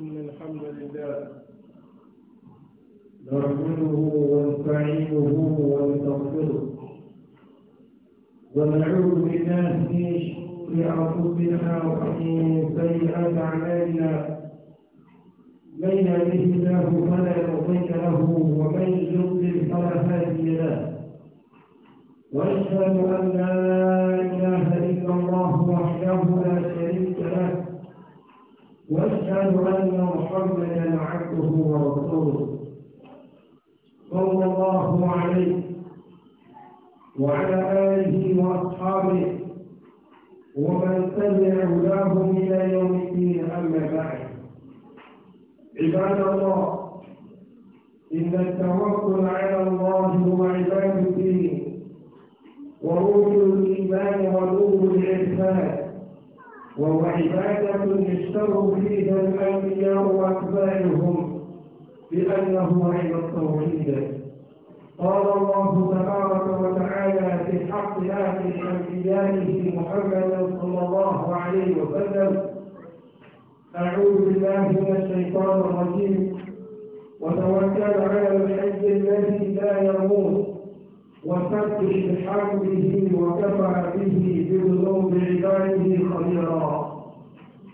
إن الحمد لله نحمده ونستعينه ونستغفره ونعوذ بالله من شرور أنفسنا ومن سيئات أعمالنا من يهده الله فلا يضل له ومن يضلل فلا هادي له واشهد ان لا اله الا الله وحده لا شريك له واشهد ان محمدا عبده ورسوله صلى الله عليه وعلى اله واصحابه ومن تبع هداهم الى يوم الدين اما بعد عباد الله ان التوكل على الله هو عباد الدين وروح الايمان ونور الاحسان وهو عبادة يشتروا فيها الأنبياء وأتباعهم بأنه عين التوحيد قال الله تبارك وتعالى في حق آل أنبيائه محمد صلى الله عليه وسلم أعوذ بالله من الشيطان الرجيم وتوكل على الحي الذي لا يموت وسبح بحمده وكفى به بذنوب عباده خبيرا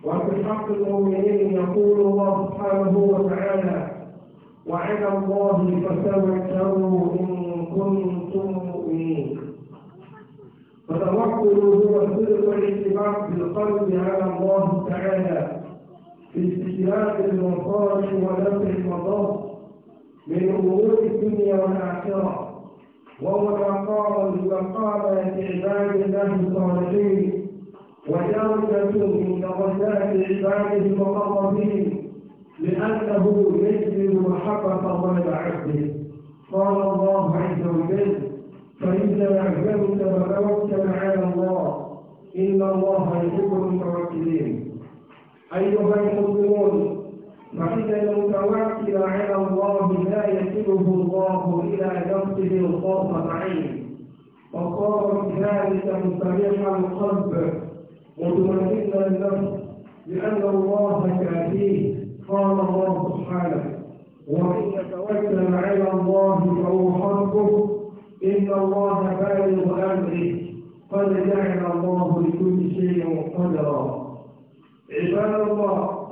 وفي حق المؤمنين يقول الله سبحانه وتعالى وعلى الله فتوكلوا ان كنتم مؤمنين فتوكل هو سر الاعتماد بالقلب على الله تعالى في استجلاب المصالح ونفع المضار من امور الدنيا والاخره وهو قال وقال لعباد الله الصالحين وجودة من درجات عباده المقربين لأنه يجبر حقق ولد عبده قال الله عز وجل فإذا أعجبت فتوكل على الله إن الله يحب المتوكلين أيها المسلمون فإذا المتوكل على الله لا يكله الله إلى نفسه الخاصة عين وصار ذلك مستريح القلب مطمئن النفس لأن الله كافيه قال الله سبحانه وإن توكل على الله فهو حقه إن الله بالغ أمره قد جعل الله لكل شيء قدرا عباد الله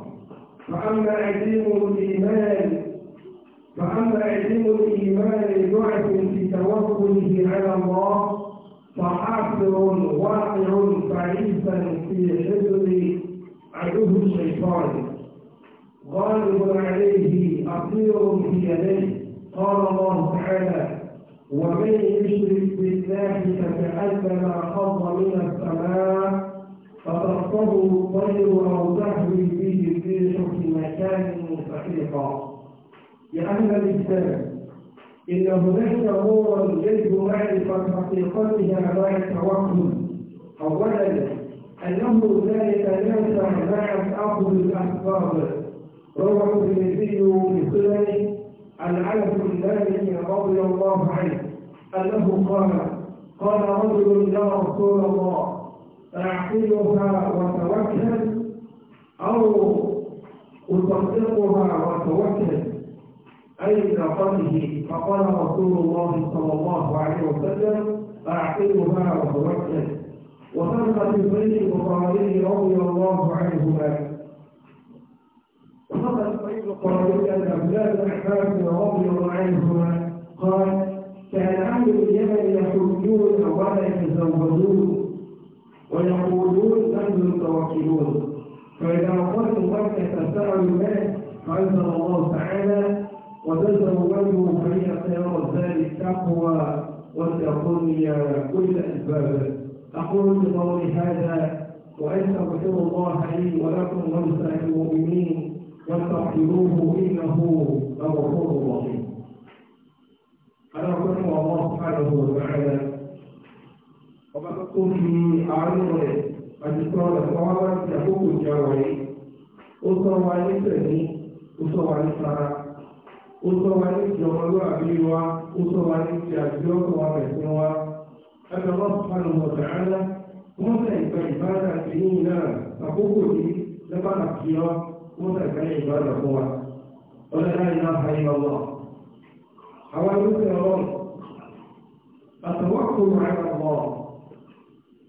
فأما عزيم الإيمان فأما عزيم الإيمان ضعف في توكله على الله فحافر واقع فعيسا في حفظ عدو الشيطان غالب عليه أطير في يديه قال الله تعالى ومن يشرك بالله فكأنما خض من السماء فتخطبه الطير أو تهوي فيه الريح في مكان سحيقا يا أهل الإسلام إن هناك أمورا يجب معرفة حقيقتها لا التوهم أولا أنه ذلك ليس مع أخذ الأسباب روى الترمذي سنن عن عبد مالك رضي الله عنه أنه قال قال رجل يا رسول الله أعقلها وتوكل أو أطبقها وتوكل أي قوله فقال رسول الله صلى الله عليه وسلم أعقلها وتوكل وثبت في بيت البخاري رضي الله عنهما البخاري رضي الله عنهما قال كان أهل اليمن يحجون ولا يتزوجون ويقولون نحن المتوكلون فإذا أخذت بركة تساعد الناس فأنزل الله تعالى وتزل وجهه فهي خير ذلك التقوى وتكون كل أسباب أقول بقولي هذا وأستغفر الله لي ولكم ولسائر المؤمنين واستغفروه إنه غفور رحيم. أنا أقول الله سبحانه وتعالى ọba tó tó fi àánú rẹ̀ àdìsọ rẹ̀ sọ wá láti àkókò ìjà wáyé ó sọ wá ní tẹ̀mí ó sọ wá ní sara ó sọ wá ní ti ọmọlúwàbí wa ó sọ wá ní ti àdìsọ ọkọ wa mẹsìn wa ẹgbẹ́ wọn fà ní wọn dàrá wọn fẹ́ ìgbà ìbára àti yìí náà àkókò yìí lẹ́bà àti ọ wọn fẹ́ ìgbà ìbára fún wa ọlọ́dà ìlà àyè ọlọ́ àwọn ìlú tẹ̀ ọlọ́run àtàwọn kò rà ẹ̀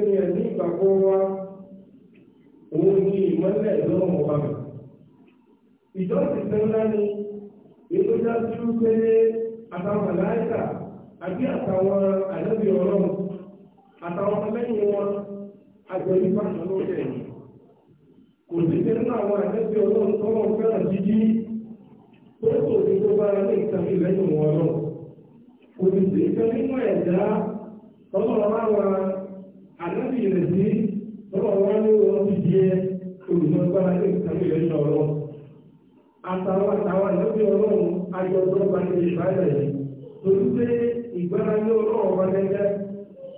gẹ́gẹ́ bí ẹni ìgbàgbọ́ wa òun ni ìmọ́lẹ̀ lọ́wọ́ wa mi. ìjọsìn tó ni ètò dájú pé àtàwọn aláìsà àbí àtàwọn àlẹ́bí ọlọ́run àtàwọn ọmọlẹ́yìn wọn àjọyìn lóṣẹ̀ yìí. kò sí àwọn àlẹ́bí ọlọ́run fẹ́ràn jíjí tó kò sí àdébí rẹ̀ sí ní wọn ti jẹ olùsọgbára ní ìtàkùn ìrẹ́ ní ọlọ́run ayọ̀ ọlọ́run àti yìí torí pé ìgbára ní ọlọ́run ọba gẹ́gẹ́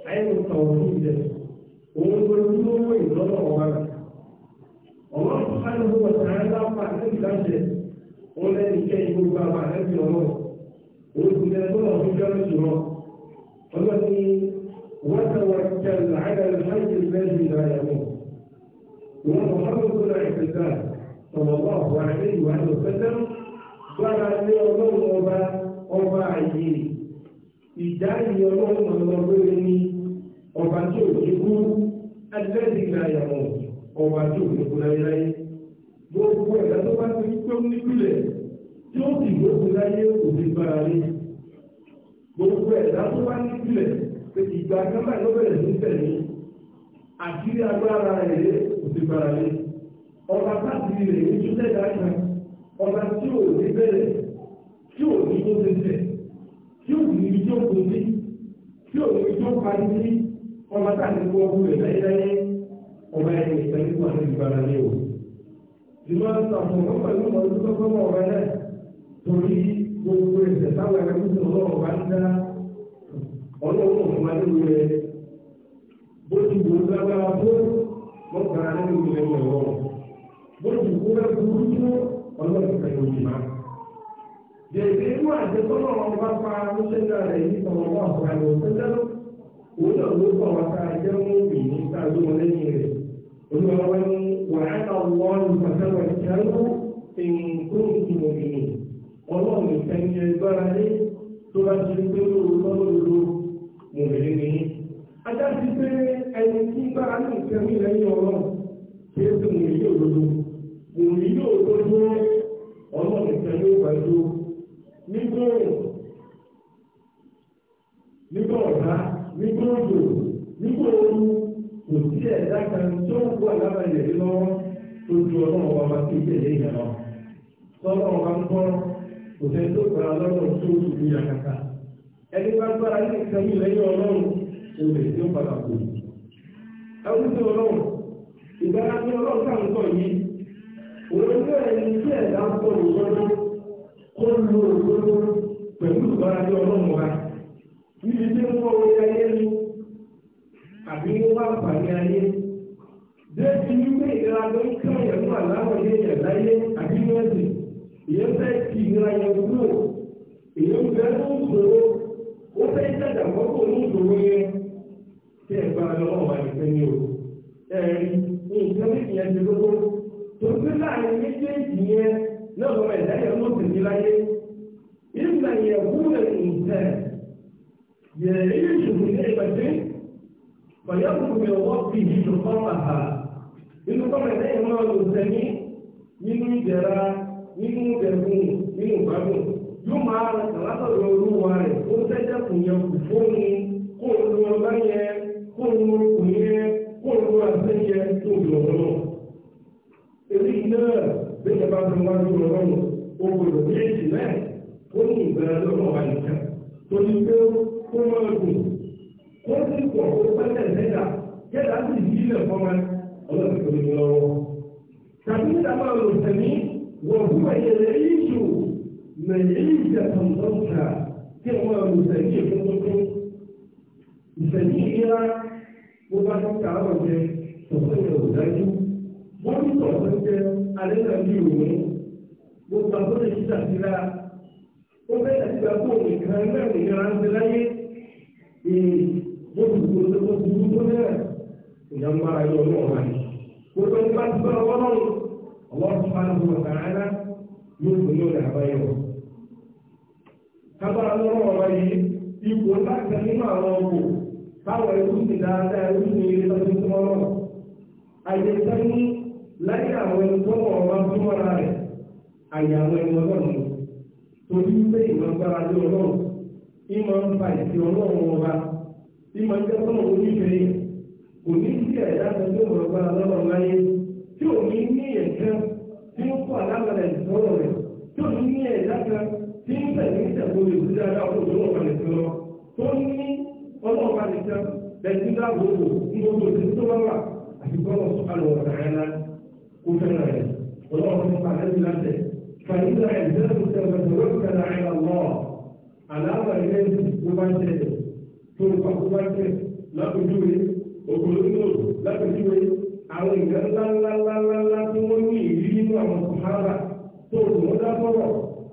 ayélujára òfin jẹ òun ló ń lówó ìlọ́nà ọba ọlọ́run وتوكل على الحي الذي لا يموت ومحمد الاعتزال صلى الله عليه وسلم gbára lé ọlọ́run ọba ọba àyè ìdáyé ọlọ́run ọlọ́run ní ọba tí ò ní kú ẹlẹ́dìgbà yàwó ọba tí ò ní kú láyéláyé gbogbo ẹ̀dá tó bá ti pé ní ìpìlẹ̀ tí ó sì gbógun láyé kò ní gbára lé gbogbo ẹ̀dá tó bá ní ìpìlẹ̀ pé ìgbà kẹ́mbà ló bẹ̀rẹ̀ ní tẹ̀lé àkírí agbára ẹ̀rẹ́ òsìgbàrà lé ọba káàkiri rẹ̀ ní túnṣẹ́ ìdájọ́ ọba tí ò ní bẹ̀rẹ̀ tí ò ní tó ṣe tẹ̀ tí ò ní ibi tó sí tí ò ní ibi tó ọba káàkiri kó ọkùnrin rẹ̀ ọba ẹ̀rẹ́ wà ní lé o. pẹ̀lú ọdún tó torí gbogbo ẹ̀sẹ̀ táwọn ọlọ́run fún adéwì rẹ̀ bó ti wò lágbára tó mọ́kànlá nínú ilẹ̀ ọ̀rọ̀ bó ti wò lẹ́kọ̀ọ́ burúkú ọlọ́run fẹ́ lójú máa. Bẹ̀rẹ̀ inú àjẹsọ́nà ọba pa Mọ́sẹ́lá rẹ̀ yìí sọ̀rọ̀ wà fún àlọ́ sẹ́lẹ̀ òun náà ló kọ̀ wá ká ẹjẹ́ mú bì ní sáájú ní السميع العليم ọ̀gá ayé bẹ́ẹ̀ ti ní pé ìlera ló ń kí ọ̀yẹ̀ fún àláwọ̀ yé yẹ̀ láyé àbí mẹ́sì ìyẹn fẹ́ ti ìlera yẹn kúrò èyí ń bẹ tó ń sòro ó fẹ́ dàgbà mọ́tò ní ìṣòro yẹn tí ẹ̀ gba lọ́wọ́ wà nìkan ní o ẹ̀rí nǹkan bí ìyẹn ti lóko tó gbé láàrin méjèèjì yẹn náà lọ́wọ́ ẹ̀dá yẹn ló sì ní láyé ìgbà yẹn wúlò ìtẹ̀ yẹ̀rí ìṣòro yẹn ìgbà fọyọ́kùn mi ọwọ́ bí nínú kọ́rọ̀ àhà nínú kọ́rọ̀ ẹ̀dá ìmọ̀ olùsẹ́ni nínú ìjẹra nínú ìdẹ̀kùn nínú ìgbádùn yóò máa látọ̀dọ̀ olúwa rẹ̀ ó tẹ́jẹ́ kù yẹn kù fóònù kó o lu ọba yẹn kó o lu okùn yẹn kó o lu àṣẹ yẹn tó o lọ lọ. èyí náà bẹ́ẹ̀ bá fi wá lórí ọlọ́run o kò lò ní èsì náà ó ní ìgbàlódé ọlọ́run wọ́n ti pọ̀ tó pẹ́lẹ̀ lẹ́yà kẹ́lá sì sílẹ̀ fọ́mọ ọlọ́run lọ́wọ́. tàbí sábà lò sẹ́mi fún ẹ̀yẹ yìí jù nà èyí jẹ tọ̀tọ̀tà kí wọ́n lò sẹ́mi ìfúnnúkú. ìsẹ̀mí ìyá wọ́n bá tó kà á jẹ tọ̀tọ̀ ìyá ò dájú. wọ́n ti tọ̀ tó jẹ alẹ́ náà bí òun gbogbo àgbọ̀dọ̀ yíjà síra ó bẹ́ẹ̀ àti gbàgbọ́ òun ìkànnì náà nìyẹn yóò gbogbo gbogbo gbogbo tó bẹ̀rẹ̀ ìjọba ayé ọlọ́run wa ni gbogbo nípa ti bá ọlọ́run ọlọ́run máa ń bọ̀ sàrànà yóò gbé yóò dàbá yẹ wọ. kábàá lọ́rọ̀ ọ̀rọ̀ yìí tó tó tó bí mo jẹ́ fún òun nífẹ̀ẹ́ kò ní sí ẹ̀dá kan tó rọ̀ gba lọ́wọ́ láyé tí ò ní ní ẹ̀ka tí ó kọ́ alágbára ìsọ̀rọ̀ rẹ̀ tí ò ní ní ẹ̀dá kan tí ń tẹ̀lé ìtẹ̀kọ́ lè fi dáadáa kó tó wọ̀ lẹ̀ lọ tó ní ọlọ́ọ̀ba nìkan lẹ́sìn dáàbò bò ń gbogbo òsì tó bá wà àti bọ́lọ̀ sọ̀kalọ̀ ọ̀rọ̀ àyànlá kó fẹ́ràn rẹ̀ ọlọ́ọ̀ba nípa tó ń pàṣẹ báńkẹ́ lápèjúwe òkòlóńgbò lápèjúwe àwọn ìgbà ńláńláńláńlá tí wọ́n ní ìrírí nínú àwọn sàhábà tó o tún dá sọ̀rọ̀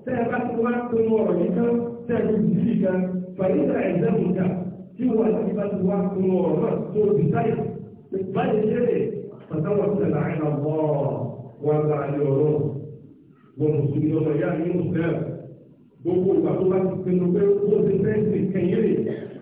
tẹ́ ẹ bá ti wá tó ń ọ̀rọ̀ yìí kan tẹ́ ẹ ti di ìkan fàyíṣà ẹ̀jẹ̀ mùjà tí wọ́n ti bá ti wá tó ń ọ̀rọ̀ náà tó o ti sáyé báyìí ṣe lè fàtàwọ̀ sẹ̀lá ẹ̀ wọn gba ayé ọ̀rọ̀ wọn mùsùlùmí ọmọ ìyá mi mùsùlùmí gbogbo ìgbà tó bá ti pinnu pé ó ti fẹ́ẹ́ sì kẹ́yìn rè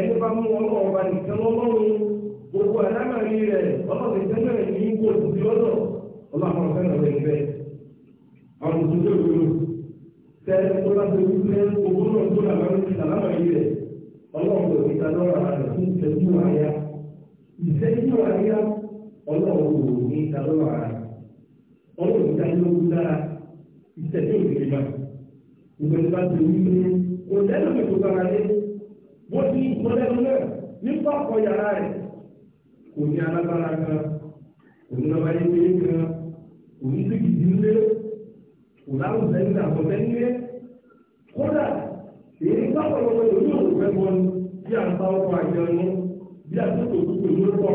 ẹni bá mú ọlọ́run ọba nìkan lọ́lọ́run gbogbo àdámàrí rẹ̀ ọlọ́run ìtẹ́ náà ní í kó òtútù lọ́dọ̀ ọlọ́run ọ̀fẹ́ náà lẹ́yìn bẹ́ẹ̀. àwọn òtútù ìgbèrò tẹ tó bá ti wí pé owó náà tó là bá ti àlámàrí rẹ̀ ọlọ́run kò ní ta lọ́rọ̀ àrẹ̀ fún ìtẹ́jú àyà ìtẹ́jú àyà ọlọ́run kò ní ta lọ́rọ̀ àrẹ̀ ọlọ́run ìtẹ́jú lógún dára ìtẹ́jú òkè wọ́n ti sọlẹ́nu nípa ọkọ̀ rẹ̀ kò ní alágbára kan òun náà báyé pé kan òun sì kìí nílé òun láwùn sẹ́yìn àbọ̀ sẹ́yìn lé kódà èyí sábà lọ́wọ́ lórí òun fẹ́ ni bí a ń bá ọkọ̀ bí a ti tò tó ló pọ̀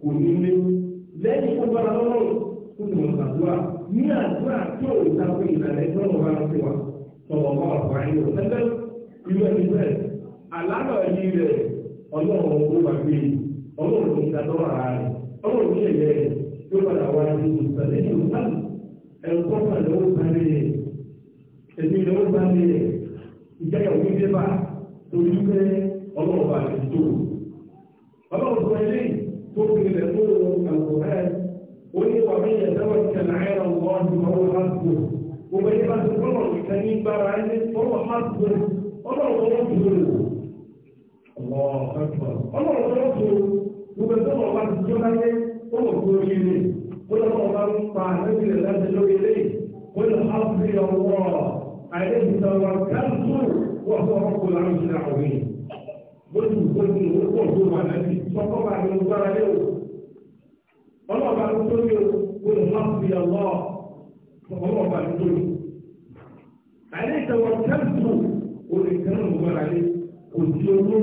kò ní lé lẹ́yìn tó tó àdúrà ní àdúrà tí òun ta ìlànà àlálọ̀ yìí rẹ̀ ọlọ́run owó wà gbé ọlọ́run ní ìdájọ́ ara rẹ̀ ọlọ́run ní ẹ̀yẹ rẹ̀ padà wá ní ìsàlẹ̀ ní ìsàlẹ̀ ẹ̀kọ́ pàdé ó sáré rẹ̀ ẹ̀mí rẹ̀ ó sáré rẹ̀ ìjẹ́yàwó gbé bá torí pé ọlọ́run bá ti tó ọlọ́run sọ ilé tó fi rẹ̀ tó àgọ́ rẹ̀ ó ní wà mí wọ́n ọlọ́run tó lọ́tò gbogbo tó lọ́wọ́ láti jọ láyé ó lọ gbogbo orí ilé ó lọ́wọ́ bá ń pa àlejò rẹ̀ láti lórí ilé ó lọ áfírí ọwọ́ àìlèjì sọ̀rọ̀ káńtù wọ́n fọ́ ọkọ̀ láwọn ìṣẹ̀lẹ̀ àwìn lójú gbogbo orúkọ tó wà lẹ́bi sọ́kọ́ bá ní gbára lé o ọlọ́run bá ń tóbi o ó lọ áfírí ọwọ́ ọlọ́run bá ń tóbi àìlèjì sọ̀rọ̀ káńtù olùkẹ́rù gbára lé kò sí ológun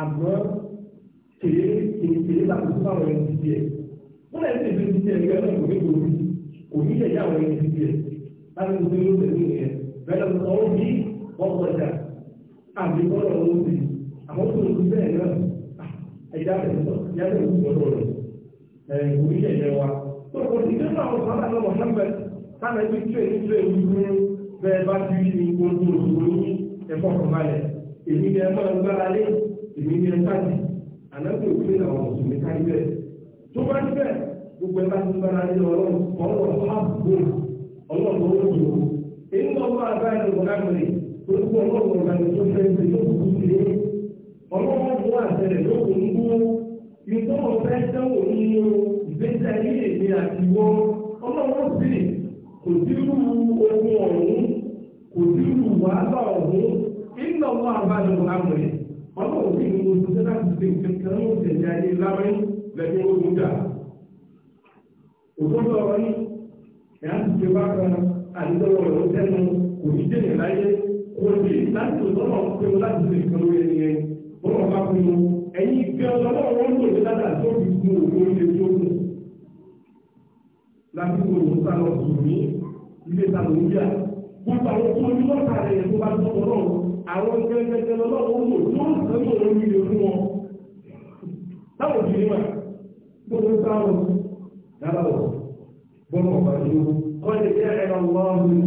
àmọ́ tèrè tèrè tèrè la kò fún àwọn ẹni títí wọ́n lẹ́yìn tèrè títí ẹ̀ gẹ́gẹ́ kò ní kò ní kò ní lè yá àwọn ẹni títí láti kò ní lóṣẹ̀ ní ìyẹn bẹ́ẹ̀ lọ sọ bí wọ́n kọjá àbí wọ́n lọ wọ́n ti àmọ́ tó bẹ́ẹ̀ náà ẹ̀yà rẹ̀ yá lè wù lọ́dọ̀ rẹ̀ ẹ̀ kò ní lè wa. Tọ́kọ̀ ti rí ní gbogbo èmi ní ẹgbẹ́ àti ànágbé òfin làwọn mùsùlùmí kárí bẹ́ẹ̀ tó bá bá èyí bá a báyìí lọ tó tó yóò kú yóò ń ìtọ́ ọ̀fẹ́ ìgbésẹ̀ àti sì kò dírú ọ̀hún kò dírú wàhálà ọ̀hún àbájọ ọlọ́run bí mo ti sẹ́dá ti fi kankan ní ìṣẹ̀lẹ̀ ayé lábẹ́yìn lẹ́yìn ogun jà òtútù ọ̀rọ̀ ní ẹ̀yà ti ṣe bá kan àdìsọ́rọ̀ ọ̀rọ̀ sẹ́nu kò ní dé yẹn láyé kò sí láti òtọ́nà pé mo láti fi kan lórí ẹni yẹn bọ́lá bá fún mi ẹ̀yìn ìgbẹ́ ọlọ́run wọn lò ní dáadáa tó fi gun òun ilé tó kù láti kó òun sálọ sùn ní ilé sálọ níjà gbogbo àwọn tó ń lọ́ta rẹ̀ tó àwọn gẹ́gẹ́gẹ́ lọ́wọ́ ọlọ́run bá ti wù rẹ̀ ẹ̀rú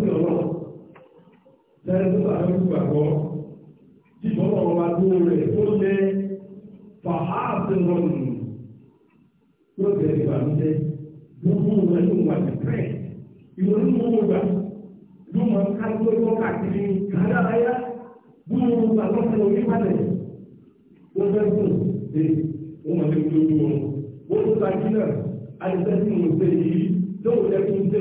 sí ọlọ́run sẹ́yìn tó bá fẹ́ gbàgbọ́ tí ìbọn ọ̀rọ̀ tó rẹ̀ tó lé fàhásìrọ̀nù yóò bẹ̀rẹ̀ ìbànújẹ́ yóò mú wọn yóò wà ní pẹ́ẹ́ ìwọ ní wọn gbà yóò máa ká lóyún káàkiri káràáyá bí wọn wọn gbà lọ́sẹ̀ lórí máa ojú wọn tó ta jí náà yìí kí n ní báyìí gbogbo ní kí láyé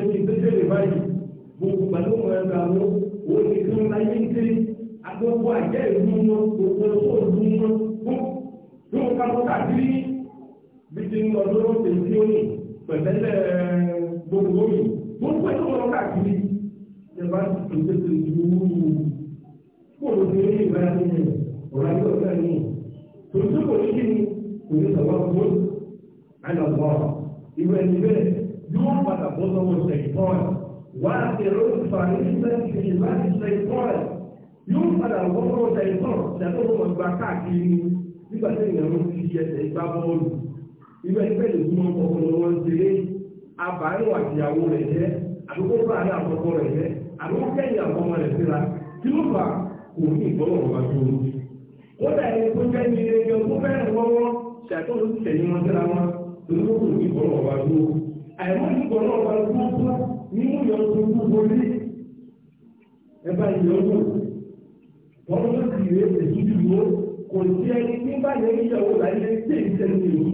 ń ìlú wọn gbogbo wọn bí ti ń lọ lóró tè sí òní pẹ̀tẹ́lẹ̀ gbogbo omi tó ń pẹ́ tó lọ káàkiri ṣe bá ti tó tètè ju kóòlù tó ní ìgbà ní ọ̀rọ̀ ayé ọ̀gá ní tòṣù kò ní kí ni kò ní sọ̀rọ̀ fún àná bọ̀ ìwé ẹni bẹ́ẹ̀ yóò padà bọ́ sọ́wọ́ ṣèkọ́ọ̀ wá èrò ìfàní sẹ́ńtì láti ṣèkọ́ọ̀ yóò padà bọ́ sọ́wọ́ ṣèkọ́ọ̀ ṣèkọ́ọ̀ gbà káàkiri nígbà tí ìyàwó ti yẹ irú ẹgbẹ́ ìlú mọ́ ọkọ̀ ló ń ṣeré ìyàwó rẹ̀ jẹ́ àdúgbò bá àkọ́kọ́ rẹ̀ jẹ́ àdúgbò kẹ́yìn àkọ́mọ rẹ̀ síra tí ó fà kò ní ìgbọ́nà ọ̀gá tó ń tó ti tẹ̀yìn wọn síra kò ní ẹni tí yẹ ìyàwó láyé tí ì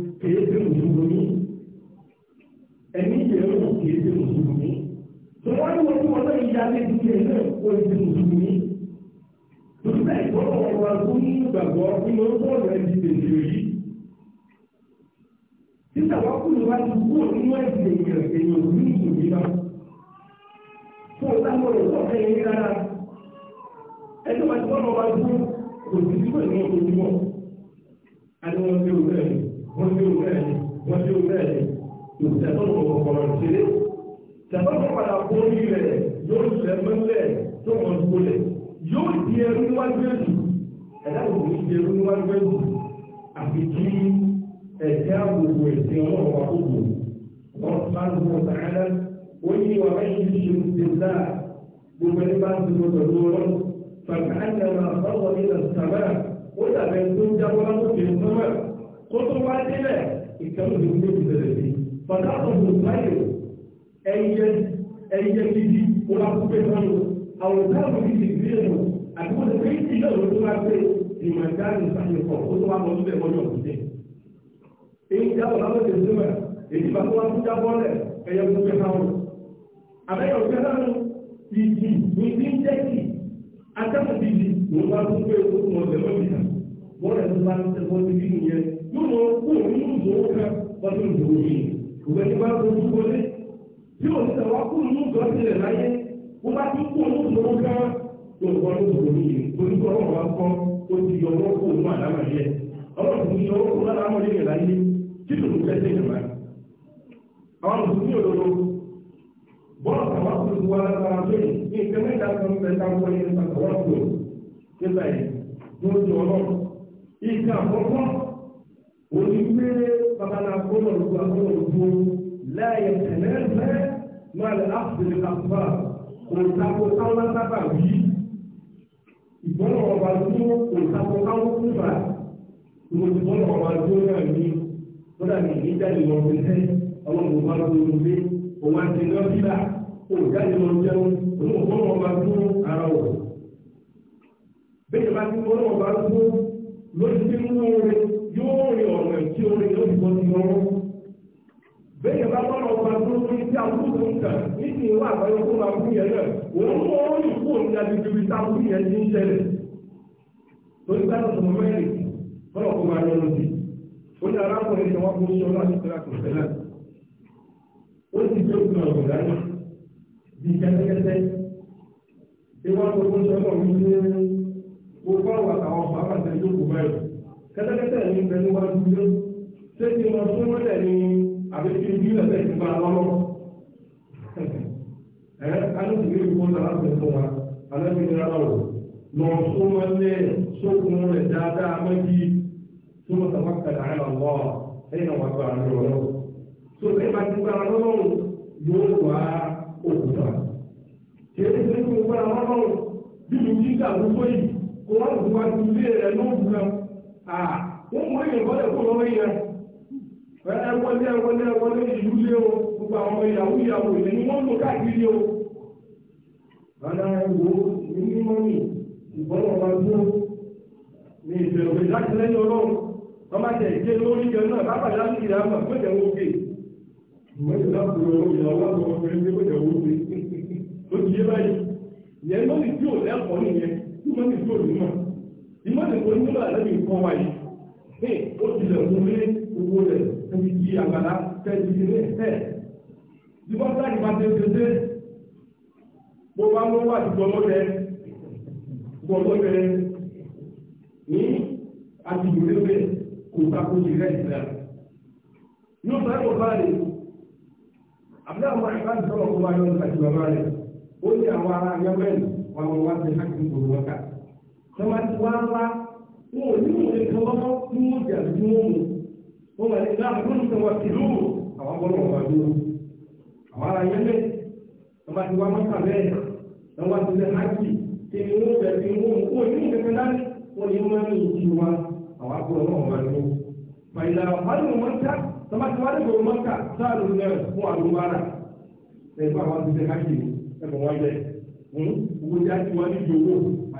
kìí ṣe mùsùlùmí ẹ̀mí ìyẹ̀wò kìí ṣe mùsùlùmí tó wọ́n ní wọ́n tí wọ́n náà yíya ní ìdílé náà wọ́n ti mùsùlùmí tó ti bẹ́ẹ̀ gbọ́dọ̀ wọn wá tó ní ìgbàgbọ́ ní mo ń bọ́ọ̀lù ẹ̀dí tèmi yìí títà wá kú ni wá ti kú nínú ẹ̀dí èèyàn èèyàn òbí mùsùlùmí náà tó o sábà lọ sọ fẹ́ yín rárá ẹni wá ti bọ́ọ̀lù wá tó kò sí sí pẹ̀lú ọ̀tọ̀ wọ́n tí ó bẹ́ẹ̀ ni wọ́n tí ó bẹ́ẹ̀ ni ìṣẹ̀tọ́nù kọ̀ọ̀kọ̀rọ̀ ṣeré ṣẹ̀tọ́nù padà borí rẹ̀ yóò ṣẹ̀ mẹ́lẹ̀ tó wọ́n tó lẹ̀ yóò di ẹrú níwájú máa ń ní wà báyìí ó dàbẹ̀ tó jábọ́ lọ́sọ̀kè sọ́mà kó tó wá délẹ̀ ìkànnì ló ń gbé ìbẹ̀rẹ̀ sí bàtà tó ń báyò ẹyẹ ẹyẹ gidi ó wá kú pé sánú àwòrán àwọn ìdí ìgbéyẹ̀ nù àti wọ́n ti pé ìdílé òun tó wá pé ìmọ̀ ìdáhùn ìsàlẹ̀ kọ̀ ó tó wá lọ síbẹ̀ wọ́n yọ̀ kúndé. èyí jábọ̀ lábẹ́ tẹ̀sí mẹ́ èyí bàtà wá tún jábọ̀ lẹ̀ ẹyẹ kú pé sánú. àbẹ́yẹ̀ òkè sánú ìdí ìdí ń jẹ́ kì atẹ́kùn bíbí ló wá kú pé ó mọ̀ ọ̀sẹ̀ mọ́ mọ̀ kó nínú ìdòwò kan wọ́n ní ìdòwò yìí òwe ní bá gbójú wọlé tí ò ní sọ̀rọ̀ kó nínú ìdòwò sílẹ̀ láyé wọ́n bá tún kó nínú ìdòwò kan tó ń wọ́n ní ìdòwò yìí oníkọ́ ọ̀rọ̀ wa kọ́ ó ti yọ ọwọ́ kó nínú àlámà yẹ ọ̀rọ̀ tó ń yọ ọwọ́ kó lálámà yẹ láyé tí tòun fẹ́ sí ìjọba àwọn mùsùlùmí òdodo bọ́ọ̀lù àwọn akọ̀tù wa lára tó yìí ní ìpínlẹ̀ ìjà kan fẹ́ táwọn yẹn nípa tọ̀wọ́ tó nípa ẹ̀ ní oṣù ọlọ́run ìka àkọ́kọ́ òní pé babalá gbọ́dọ̀ lu agbọ́dọ̀ lu láàyè tẹ̀lẹ́fẹ́ máa lè áfìlì àfà òǹtakò táwọn sábà wí ìbọn ọba tó òǹtakò táwọn kúfà ìbọn ọba tó náà ní kódà ní ìjáde lọ sí sẹ́ ọlọ́run bá tó lọ sí òun àti lọ sílà òǹjáde lọ jẹun òun ò bọ́n ọba tó ara wọ̀ bẹ́ẹ̀ bá ti bọ́n ọba tó lọ sí mú orin. yóò rí ọ̀nà tí ó rí lóṣùkọ́ ti lọ́wọ́. Bẹ́ẹ̀ni bá bá lọ gba tó ní tí a kú tó ń kà níbi ìwà àbáyọ tó máa kú yẹn náà, òun mú ní tá a kú yẹn ti ń bá mẹ́rin, máa Ó ní arákùnrin ni wọ́n náà. Ó kẹ́tẹ́kẹ́tẹ́. Ìwọ́n tó kẹ́tẹ́kẹ́tẹ́ ní pẹ̀lú wájú ilé ṣé kí wọ́n tún mọ́lẹ̀ ní àbíkí bí ẹ̀fẹ́ ti máa lọ́wọ́ ẹ̀ alóòtú ní ìwọ́n náà láti fún wa alẹ́bìnrin náà wò lọ sún mọ́lẹ̀ sókun rẹ̀ dáadáa mọ́jì tó mọ̀ sàmà kàdà ẹ̀ lọ́wọ́ ẹ̀yìn náà wà gbà lọ́wọ́ tó ẹ̀ máa ti gbà lọ́wọ́ yóò wá òkúta kí ẹ̀ ti gbà lọ́wọ́ bí mi kí kà lóko yìí kó wá òkúta ti ilé rẹ̀ lóògùn náà wọ́n mọ̀ èèyàn bọ́lẹ̀ kó lọ́wọ́ yẹn ẹ wọlé ẹ wọlé ẹ wọlé ìlú o gbogbo àwọn ìyàwó ìyàwó ìyẹn ni wọ́n lò káàkiri o. rárá ẹ wo ní mímọ́ mi ìbọ́lọ̀ máa tó ní ìbẹ̀rù láti lẹ́yìn ọlọ́run wọ́n máa ìdílé lórí ìjọ náà bá pàdé láti ìyá àmà pé ìyàwó gbé. ìwọ́n ti lápò ìyàwó àmà ọkùnrin pé ó ìmọ̀lẹ̀ kò ní lọ àlẹ́bí nǹkan wa yìí ẹ̀ ó tilẹ̀ mú lé owó rẹ̀ ẹni jí àgbàlá tẹ́jú ilé ìbọn sáà ìbá tẹ́ tẹ́tẹ́ bó bá mú wà ti gbọmọ́ rẹ̀ gbọmọ́ rẹ̀ ní kò tako ti rẹ̀ ìgbà ní àwọn ará yẹ́wẹ́ẹ̀lì wọn tó máa ti wá wá wọn ò ní ìwé kan bá wọn kú ìjà tí wọn mú wọn wà ní ìlà àbúrò tó wà tìlú àwọn bọ́lá wọn wà dúró àwọn ará yẹn lé tó máa ti wá mọ́ta bẹ́ẹ̀ tó wá ti lé hájì tí ni wọn bẹ̀ fi wọn kú òní ìwé kan dání wọn ni wọn ní ìjì wa àwọn àbúrò wọn wà dúró fàyìlà wọn ni wọn ká tó máa ti wá dé gbòòrò mọ́ta sáà ló ń lẹ fún àlùmọ́ra ẹ̀ bá wọn ti lé hájì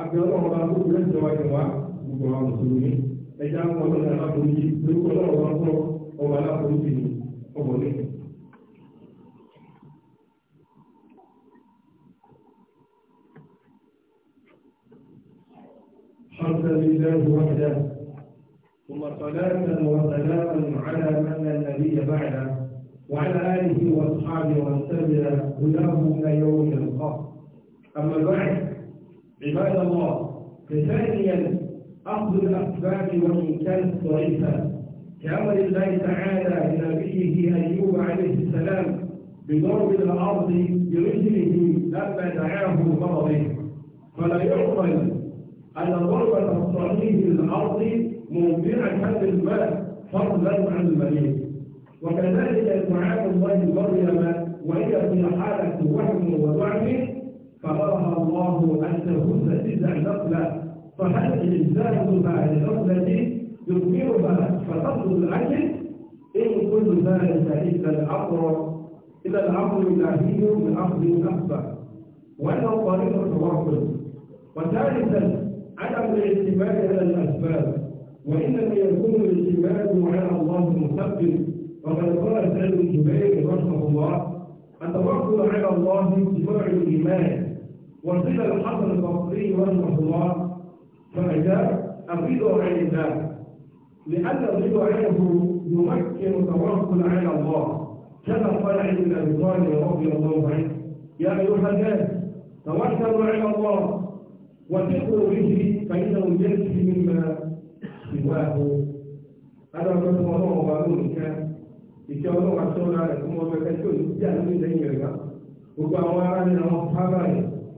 àbí ọlọ́run bá gbogbo rẹ̀ jọ wáyé wa gbogbo àwọn mùsùlùmí ẹja ń wọlé ní aláboyún lórúkọ ọlọ́run bá kọ́ ọba aláboyún ni ọmọlé. حمدا لله وحده ثم صلاة وسلاما على من لا نبي بعده وعلى آله وأصحابه ومن تبع هداه إلى يوم القيامة أما بعد عباد الله ثانيا أخذ الأسباب وإن كانت ضعيفة كأمر الله تعالى لنبيه أيوب عليه السلام بضرب الأرض برجله لما دعاه بغضبه فلا يعقل أن ضربة الصليب الأرض ممتعة بالماء فضلا عن المريض وكذلك دعاء الله مريم وهي في حالة وهم وضعف أن تكون تسع نقلة فهل مع النقلة يكبرها فتطلب العجل إن كل ذلك إلا الأمر إلا الأمر الإلهي من أمر أكبر وأنه طريق التواصل وثالثا عدم الاعتماد على الأسباب وإنما يكون الاعتماد على الله المسبب وقد قال سيد بن جبير رحمه الله التوكل على الله اتباع الإيمان وقيل الحضر البصري رحمه الله فأجاب الرضا عن الله لأن الرضا عنه يمكن التوكل على الله كما قال علي بن أبي طالب رضي الله عنه يا أيها الناس توكلوا على الله وثقوا به فإنه يكفي مما سواه هذا ما هو الله إن شاء الله sọ́ra الله fún ọmọ ẹgbẹ́ tó ń jà ní ilẹ̀ yẹn rẹ̀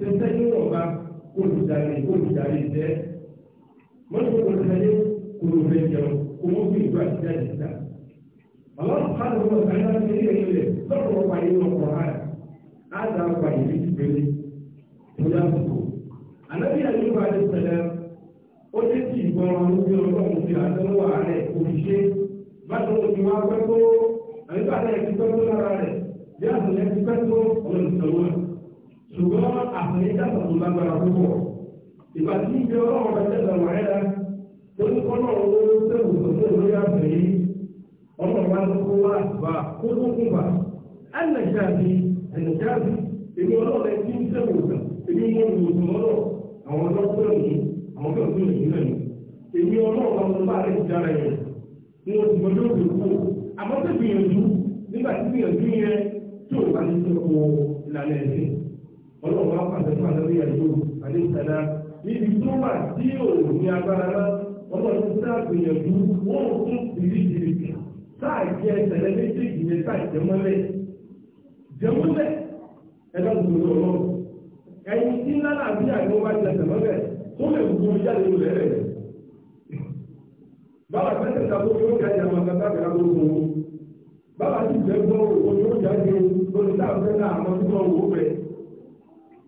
tẹsẹ̀ níwọ̀nba olùdarí olùdarí jẹ́ ha á dá wà ní ìdílé ṣùgbọ́n àfẹ́yẹ́ dábàá tó lágbára púpọ̀ ìgbà tí ìjọ ọlọ́run bá tẹ̀lé àwọn ẹ̀dá tó ní kọ́nà owó tẹ̀wù tó tẹ̀ lórí àfẹ́yẹ́ ọmọ wa ló kó wá àtúbà kó tó kún bá ẹnìjáde ẹnìjáde èmi ọlọ́run ẹni tí ń tẹ̀wù tẹ̀ èmi mọ ìwòsàn lọ́dọ̀ àwọn ọlọ́pẹ́ òní àwọn bẹ́ẹ̀ tó lè ní lẹ́nu èmi ọlọ́run bá lọ bá rẹ̀ ti dára yẹn ní oṣù mọ́jọ́ òkè kú àmọ́ tó gbìyànjú ọlọ́run bá pàṣẹ fún àlọ́ ìyá yóò àdéhùsálà níbi tó wà tí òòrùn ní agbára náà ọlọ́run tá a gbìyànjú wọ́n fún ìrísìírísì táà jẹ ẹsẹ̀lẹ̀ méjèèjì yẹn táà jẹmọ́lẹ̀ jẹmọ́lẹ̀ ẹ̀dá gbogbo ọlọ́run ẹ̀yìn tí ńlá náà bí àgbẹ̀ wọn bá jẹ ẹsẹ̀mọ́lẹ̀ tó lè gbogbo jáde lulẹ̀ rẹ̀ báwa fẹ́sẹ̀ sábó yóò jáde àwọn ọ̀gá tábìlì agbóhùn wọn báwa sì fẹ́ gbọ́ òwò yóò lórí táwọn fẹ́ náà àwọn tó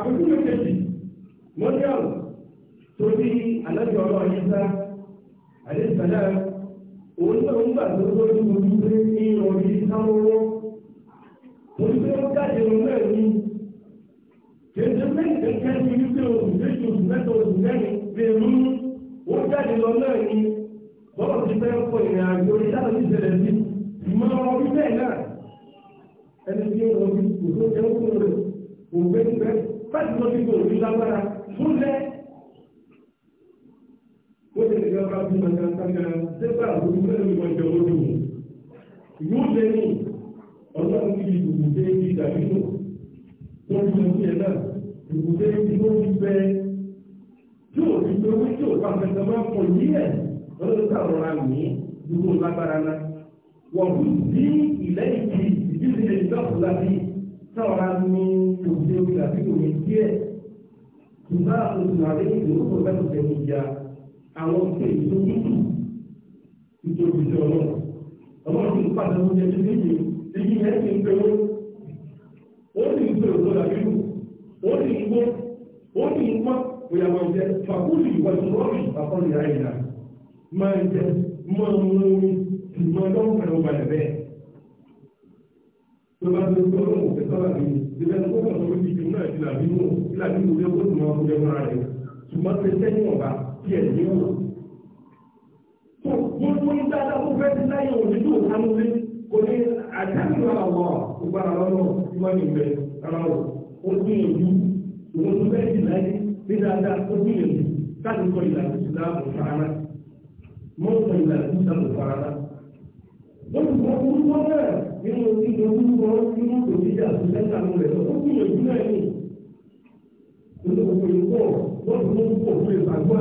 àpèjúwe kejì mọ́ríàm tó ní orí sáwọ́wọ́ wọ́n ti náà ní kéde wípé oṣù oṣù oṣù lè mú wọ́n jáde lọ náà ní bọ́ọ̀ ti fẹ́ kọ ìrìn àjò orí ní ìṣẹ̀lẹ̀ sí ìmọ̀ ọmọ wípé náà ẹni tí ó kò tó kúrò fáìlì tó ti gbòòrò ní lágbára fún lẹ́ ó lè ní ọba bí wọn kan sáńgá dẹ́gbà òun mẹ́rin wọn jẹ owó dùn yóò lé ní ọlọ́run ti di gbùgbùdé ní ìdàbílò tó ń lọ sí ẹ̀ náà gbùgbùdé ní ó ti bẹ tí ò ti gbé wí tí ò bá fẹsẹ̀ máa pọ̀ ní ẹ̀ lọ́dún táwọn ra mí gbogbo lágbára náà wọ́n kú sí ilẹ̀ ìdí ìdí ìdí ìdí ìdí táwọn á ní òṣè òkè àti òye díẹ̀ ṣùgbọ́n oṣù àdéhùn ìlú kò bẹ́ẹ̀ tẹ̀ ní ìyá àwọn òṣè ìlú tútù ìjọ náà ọlọ́run ti ń pàṣẹ oúnjẹ tó níbi èyí yẹn ti ń pẹ́wọ́ ó sì ń pè òṣèlú àbílù ó sì ń gbó ó sì ń pọ́n bóyá máa ń jẹ fàkúrì ìwà ìṣòwòrì àkọlù ìyá ìyá máa ń jẹ máa ń mú omi ṣùgbọ́n lọ́wọ́ pẹ̀lú ọgbà ẹ̀bẹ́ẹ̀ tó bá tó tó lóun òfin sábà bí ìbẹ̀ tó kọ̀ sórí ibi náà ìlà nínú ìlà nínú ilé tó tún ọkùnrin ẹ̀fọn rẹ̀ ṣùgbọ́n ṣe sẹ́yìn ọ̀gá tí ẹ̀ ní wò. tó wọ́n tó ń dáadáa tó fẹ́ẹ́ ti láyé òní tó sánú lé kò ní àjálù àwọ̀ ìgbàlá lọ́nà ìwádìí ìbẹ̀ ara rẹ̀ ó gbìyànjú òun tó fẹ́ẹ́ ti láyé ní dáadáa ó gbìyànjú káàdì kọ ìlànà ìsìlámù farana mọ́tò ìlànà ìsìlámù farana. wọ́n ti wọ́n nínú ojú ojúbọ nínú tòlíjà tó sẹ́ńtà ló rẹ̀ lọ́wọ́ kí èyí náà ní nínú òkè ìkọ́ lọ́dún ló ń pọ̀ fún ìgbàgbọ́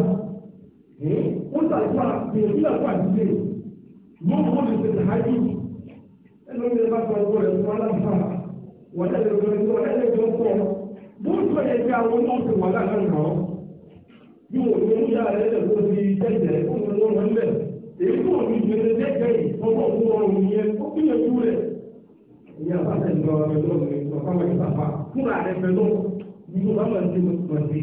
ó sàgbà èyí làwọn àdúgbò yóò mọ̀ lè tẹ̀lé hájú ẹnu mi bá fọ ọgbọ́n rẹ̀ fún aláfà wọ́n yẹ lọ́dún rẹ̀ wọ́n yẹ lọ́dún pọ̀ bóńtò yẹ kí àwọn ọmọ wà láàrin náà bí wọ́n ti mú ìyá sábà ń lọ ọ̀rọ̀ ẹ̀dọ́ mi ọ̀pá wọn ní bàbá fúnra rẹ̀ fẹ́ lọ́wọ́ ni mo bá máa ń dé mo ti mọ̀ sí.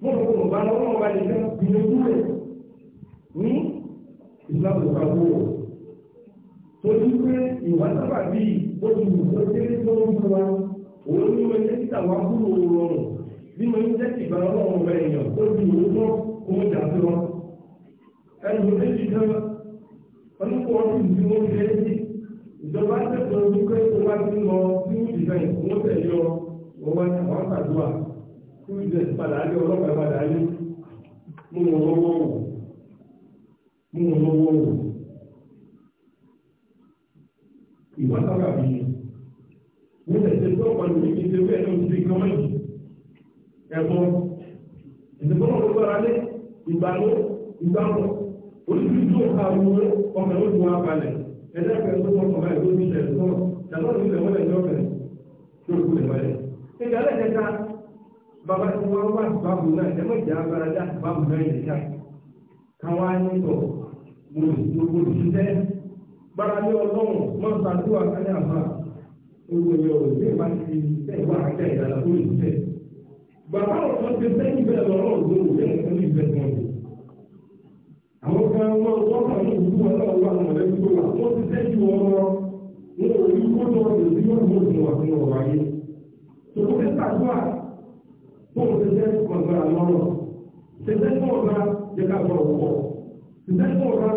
mo rò pé mo bá lọ́wọ́ wọn bá lè fẹ́ ìyẹn dúró ní ìsìláàmù ìgbà wo torí pé ìwà sábà bíi olùkọ́ kéré tó ń fún wa òun ní mo jẹ́ títà wá kúrò rọrùn bí mo jẹ́ ìgbà ọlọ́run rẹ̀ èèyàn tó di òun kó mo jà sí wọn. ẹnu méjì ìjọba ń tẹ̀sán wípé tó bá ti lọ sí ìfẹ̀yìn wọ́n tẹ̀lé ọ wọ́n wá àwọn àdúrà kú ìjẹ́ padà ayé ọlọ́pàá padà ayé mú wọn lọ́wọ́ wò mú wọn lọ́wọ́ wò ìwà sábà bí i wọ́n tẹ̀sẹ̀ tó ọ̀pọ̀ lórí ìdíje wíwẹ̀ náà ti di gọ́ọ̀mẹ̀ntì ẹ̀bọ̀n ìdìbò náà ló gbára lé ìgbàlú ìgbàlú oríṣiríṣi òkà wo ọmọ ìwé tó wá balẹ̀ ẹlẹ́gbẹ̀ẹ́ tó mọ̀ kọ̀ọ̀mọ́ ẹ̀dọ́ ti ṣẹlẹ̀ tó tẹ̀lọ́ ní ilẹ̀ wọ́n ẹ̀jọ́ bẹ̀rẹ̀ tó kú lè wọlé. ìjà lẹ́kẹ̀ẹ́ta bàbá tí wọ́n wà báàbù náà ẹ̀mọ́ ìjà abara dá báàbù náà yẹn ká káwá nítọ̀ mòlùsíṣẹ́ bára ní ọlọ́run mọ́ sàdúrà kálẹ̀ àbá olùyẹ òṣè bá ti tẹ̀wá àkẹ́ ìdàlà tó lè tẹ̀. bàbá ọ̀sán ti sẹ́yìn bẹ́ẹ̀ lọ́rọ̀ lóòrùn àwọn kan náà wọ́n kà ní ìlú aláwọ̀ àmọ̀lẹ́bí tó wà tó ti tẹ́jú ọmọ wọn ò rí kó tó ọdún sí wọn kó tó wà fún ọ̀rọ̀ ayé tó kó tẹ́ sàdúrà tó ń tẹ́tẹ́ ọ̀gá lọ́rọ̀ tẹ́tẹ́ fún ọ̀gá jẹ́ ká bọ̀ ọ̀pọ̀ tẹ́tẹ́ fún ọ̀gá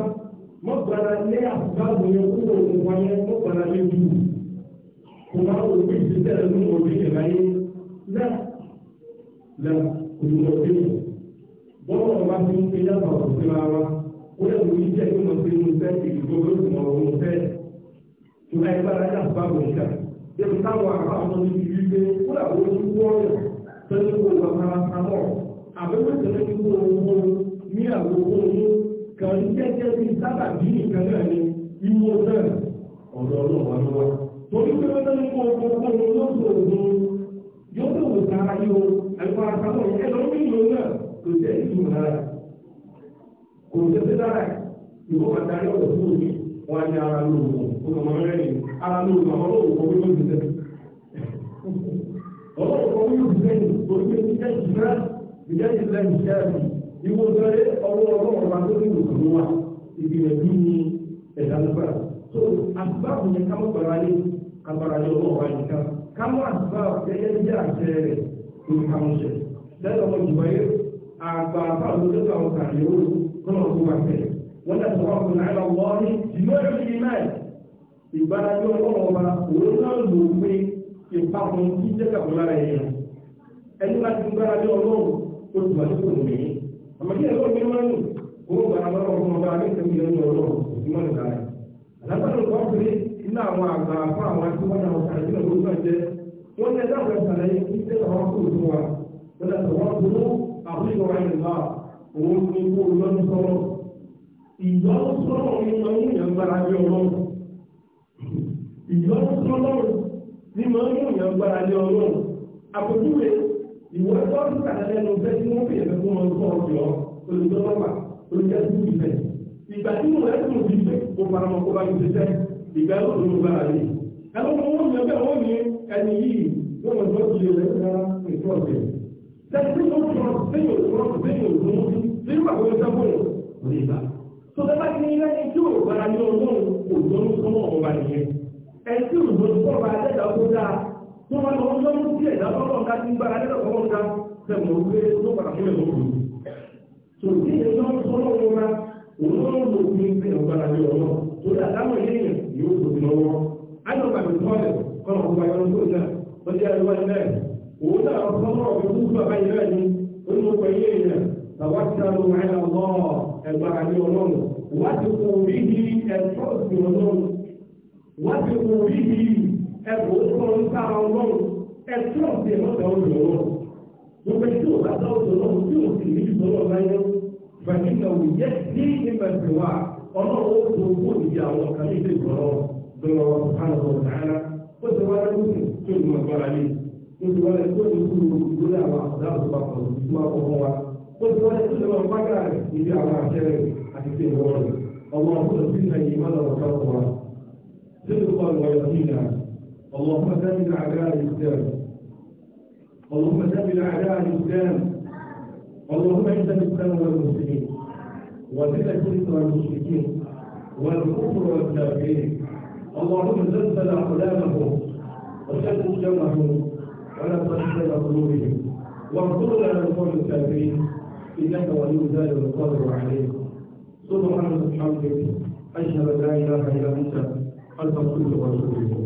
mọ́gbàlá ní àbúgbàgbọ̀ yẹn kó wọ́n mú wáyé mọ́gbàlá lé ju kò máa wò pé tẹ́tẹ́ rẹ̀ ló wọ́n bí láyé lẹ́ lẹ́ kò lọ́ bí bọ́ọ̀lù ọba ti ń pe yàtọ̀ sí ra wa wọ́n yóò yí jẹ́ pé mo fi mo fẹ́ ìdìbò ló ti mọ̀ fẹ́. Ìgbà ìgbà rájà bá wò ní ká. táwọn àbá ní ìlú gbé wọ́n àwọn olùkọ́ ọ̀yọ̀ tẹ́lẹ̀ kó wà máa pamọ́. Àbẹ̀wò tẹ̀lé ní kó owó ní àwọn owó ní kàn ní jẹ́jẹ́ bí sábà bí nìkan náà ni ìwọ náà ọ̀dọ̀ ọlọ́wà ló wà. tó kò ní sí lára ìwọ bàtà ní ọ̀dọ̀ fún mi wọn ní ara lóòrùn ọmọ ọmọ rẹ ni ara lóòrùn ọmọ lóòrùn kọ́ wíwọ́n ti sẹ́ ọmọ kọ́ wíwọ́n ti sẹ́yìn oríṣi tó ní ìlú wa ìgbìyànjú so àtúbàbù yẹn ká mọ̀ pẹ̀lú agbára ní ọwọ́ wa nìkan ká mọ̀ àtúbàbù gẹ́gẹ́ bí àṣẹ rẹ̀ ní kàmúṣẹ̀ lẹ́yìn ọmọ kọ́nà tó wà fẹ́ wọ́n dà sọ̀rọ̀ fún àìlọ́ wọ́n ní ìlú ẹ̀rọ ìmáì ìbárajú ọlọ́wọ́ ọba òun náà lò ó pé ìpapọ̀ kí jẹ́ kàbọ̀ lára ẹ̀yàn ẹni bá ti gbárajú ọlọ́wọ́ ó ti wà ní kò mí àmọ́kí ẹ̀rọ mi máa ń kó gbàrà lọ́wọ́ ọmọ ọba akẹ́kọ̀ọ́ ìlú ọlọ́wọ́ ìmọ̀ nígbà rẹ̀ àlábàdàn kan pé iná àwọn àgbà fún àwọn tí wọ́n náà kàrí nínú ọdún náà jẹ́ wọ́n ní ẹ̀dá àwọn ìsàlẹ̀ yìí kí jẹ́ kàwọn kò tó wa wọ́n dà sọ̀rọ̀ òun ni kó o lọ́nu sọ́rọ́ ìyọ́nú sọ́rọ́ ni máa ń yàn gbára lé ọlọ́run ìyọ́nú sọ́rọ́ ni máa ń yàn gbára lé ọlọ́run àpòjúwe ìwọ ẹgbẹ́ ọdún kàdálẹ́ ló fẹ́ tí wọ́n fi ẹ̀fẹ́ fún wọn sọ̀rọ̀ jọ olùdókòwà olùjẹ́sí ìfẹ́ ìgbà tí mo rẹ̀ tó di fẹ́ kó fara mọ́ kó bá yóò ṣiṣẹ́ ìgbà yóò tó gbára lé ẹ̀rọ mọ́ wọn yàn bẹ́ẹ̀ wọ́n ní ẹni yìí wọ́n mọ̀ tó ti lè rẹ̀ rárá nǹkan nígbà tó ń sẹ́kùn kò lè gbà. tó bá bá ti ní ilé tí ò gbára ní ọlọ́run kò lọ́nu sọ́mọ́ ọba nìyẹn. ẹni tí ò lọ́nu sọ́mọ́ ọba adẹ́dàá kó dáa tó máa lọ́wọ́ lọ́nu sí ẹ̀dá lọ́wọ́ ká ti gbára adẹ́dàá kọ́ ká sẹ́mu wé tó padà fún ẹ̀rọ òkú. tó ní ẹ̀dá sọ́mọ́ ọba òun ló ń gbé ọgbàrá ní ọlọ́ tó dà dáhùn yẹn yóò tó ti lọ́wọ́. ayọ̀ bàbá ìtọ́lẹ̀ kọ́nà ọ̀gbà yọ̀ tó náà tàwátàlù àìlà lọ ẹgbà àní ọlọ́run wá ti kò rí ní ẹ̀tọ́ òsì ọlọ́run wá ti kò rí ní ẹ̀bùn ọlọ́run sára ọlọ́run ẹ̀tọ́ òsì ẹ̀lọ́dà òsì ọlọ́run gbogbo tí o bá dá òsì ọlọ́run tí o sì ní ìsọ̀rọ̀ láyé fàkínà ò yẹ sí ìbẹ̀sẹ̀ wa ọlọ́run ó gbogbo ìdí àwọn kan ní ìgbọ̀rọ̀ bẹ̀rọ̀ àwọn ọ̀tàrà ó ti wá lẹ́kùn tó ìmọ̀ ìgbàlá yìí ó ti wá lẹ́kùn tó ìmọ̀ ìgbàlá yìí ó ti wọ́n ti lọ́wọ́ pákà ìdí àwọn àṣẹrẹ àti ti ìwọ́ rẹ̀ ọmọ ọkùnrin tó ti ń yìí má lọ́wọ́ ká wà nínú kọ́ ìwà ìdíyà ọmọ ọkùnrin tó ti ń àgá ìsẹ́m ọmọ ọkùnrin tó ti ń àgá ìsẹ́m ọmọ ọkùnrin tó ti ń àgá ìsẹ́m وذلة المشركين والكفر والكافرين اللهم زلزل اقلامهم وشد جمعهم ولا تشد قلوبهم واغفر لنا القوم الكافرين إنك ولي ذلك القادر عليه سبحانك وبحمدك أشهد أن لا إله إلا أنت أستغفرك وأتوب إليك